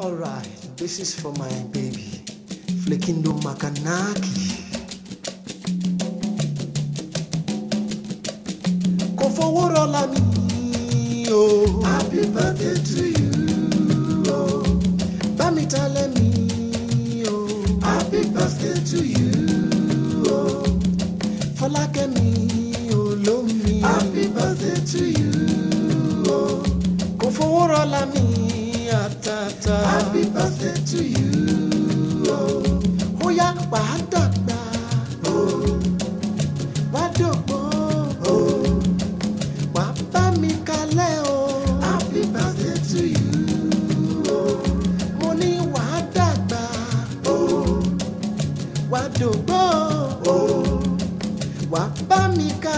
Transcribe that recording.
All right, this is for my baby, Flekindo Makanaki. Kofoworo Lami, Happy birthday to you, Bamitale mi, Happy birthday to you, oh. Falake mi, oh, Happy birthday to you, oh. Kofoworo Lami, sọ. happy birthday to you. ó yá wàá dàgbà. wá dògbọ́n. wá bá mi kalẹ̀ o. happy birthday to you. mo ní wàá dàgbà. wá dògbọ́n. wá bá mi kalẹ̀ o.